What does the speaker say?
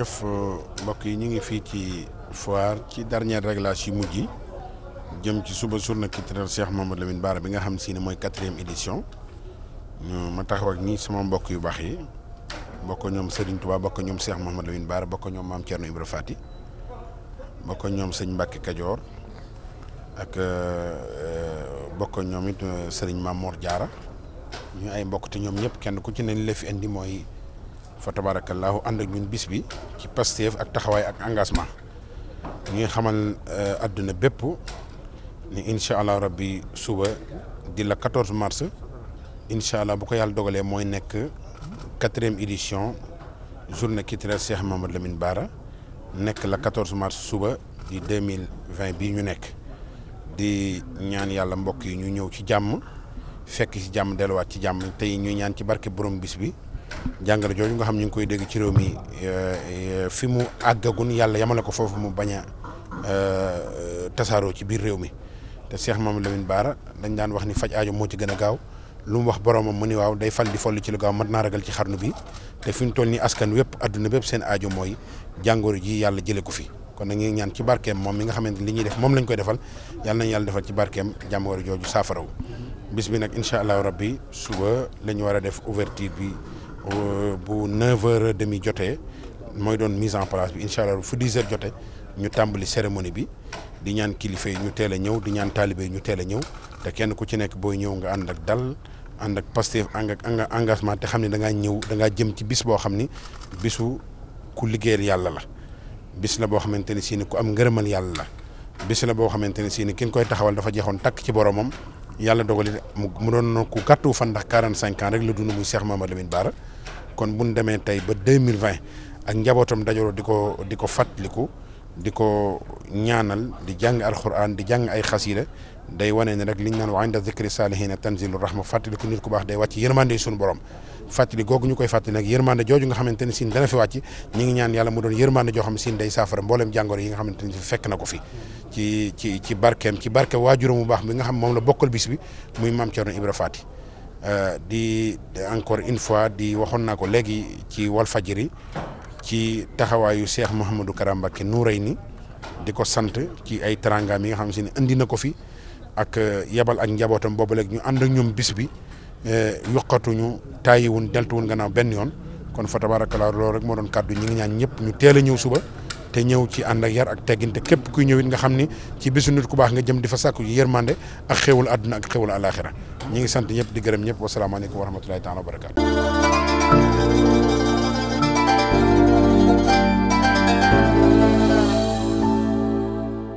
jëf euh, mbokk yi ñu ngi fii ci foir ci dernier réglage yu mujj yi jëm ci suba journée seex Cheikh Mamadou Lamine Bara bi nga xam si ni mooy quatrième édition ñu ma taxaw ak ñi sama mbokk yu baax yi bokk ñoom Serigne Touba bokk ñoom seex Cheikh Mamadou Lamine Bara bokk ñoom Maam Thierno Ibra Fati bokk ñoom sëñ Mbacke Kajoor ak euh, euh, bokk ñoom it Serigne moor Diarra ñu ay mbokk te ñoom ñëpp kenn ku ci ne la fi indi mooy. fa tabaarakallaahu ànd ak ñun bis bi ci pastef ak taxaway ak engagement ñuy xamal aduna euh, bépp ni incha allah rabbi suba di la 14 mars incha bu ko yalla dogalé moy nek 4 quatrième édition journée qui culturelle Cheikh Mamadou Lamine Bara nek la 14 mars suba di 2020 bi ñu nek di ñaan yalla mbokk yi ñu ñëw ci jamm fekk ci jàmm delluwaat ci jàmm tey ñuy ñaan ci barke borom bis bi jàngale jooju nga xam ñu ngi koy dégg ci réew mi euh, fi mu àggagun yàlla yamale ko foofu mu bañ a euh, tasaaroo ci biir réew mi te Cheikh Mamadou Lamine Bara dañ daan wax ni faj aajo moo ci gën a gaaw lu mu wax boromam mu ni waaw day fal di folli ci lu gaaw mat naa ragal ci xarnu bi te fi mu toll nii askan wépp adduna bépp seen aajo mooy jàngoro ji yàlla jëlee ko fi. kon nag ñu ñaan ci barkeem moom mi nga xamante li ñuy def moom lañ koy defal yàlla nañu yàlla ci barkeem jàngoro jooju saafaraw bis bi nag incha allahu rabbi suba la ñu war a def ouverture bi euh, bu 9 heures demi jotee mooy doon mise en place bi incha allah fu 10 jote ñu tàmbali cérémonie bi di ñaan kilifa yi ñu teel a ñëw di ñaan taalibe ñu teel a ñëw te kenn ku ci nekk booy ñëw nga ànd ak dal ànd ak Pastef ànd ak engagement te xam ne da ngaa ñëw da ngaa jëm ci bis boo xam ni bisu ku liggéeyal yàlla la bis la boo xamante ni si ni ku am ngërëmal yàlla la bis la boo xamante ne si ni koy taxawal dafa jeexoon takk ci boromam. yàlla dogali mu doon ku gàttu fan ndax quarante cinq ans rek la dund muy Cheikh Mamadou Lamine Bara kon bu ñu demee tey ba deux mille vingt ak njabootam dajaloo di ko di ko fàttaliku di ko ñaanal di jàng alxuraan di jàng ay xasida day wane ne rek liñ nan wa inda zikri salihin tanzilu rahma fàttali ko nit ku bax day wàcc yërmande sun borom fàttali googu ñukoy koy nak yërmande joju nga xamanteni sin dana fi wàcc ñi ngi ñaan yàlla mu doon yërmande jo xam sin day safara mbooleem jàngoro yi nga xamanteni fi fek nako fi ci ci ci barkem ci barke wajuru mu bax bi nga xam mom la bokkal bis bi muy mam ciorno Ibra fati di encore une fois di waxon nako legi ci wal fajiri ci taxawaayu Cheikh Mouhamadou Kara Mbacké Noureyni di ko sant ci ay teranga mi nga xam sin indi na ko fi ak eh, yebal ak njabootam boobu léegi ñu ànd ak ñoom bis bi eh, yokkatuñu tàyyiwun nga gannaaw benn yoon kon fa tabaarakallaa loolu rek moo doon kàddu ñi ngi ñaan ñëpp ñu teel ñëw suba te ñëw ci ànd ak yar ak teggin te képp kuy ñëw it nga xam ni ci bisu nit ku baax nga jëm di fa sàkku ji yërmande ak xéwal àdduna ak xéwal àlaaxira ñi ngi sant ñëpp di gërëm ñëpp wasalaamaaleykum wa rahmatulahi taala wa barakaatu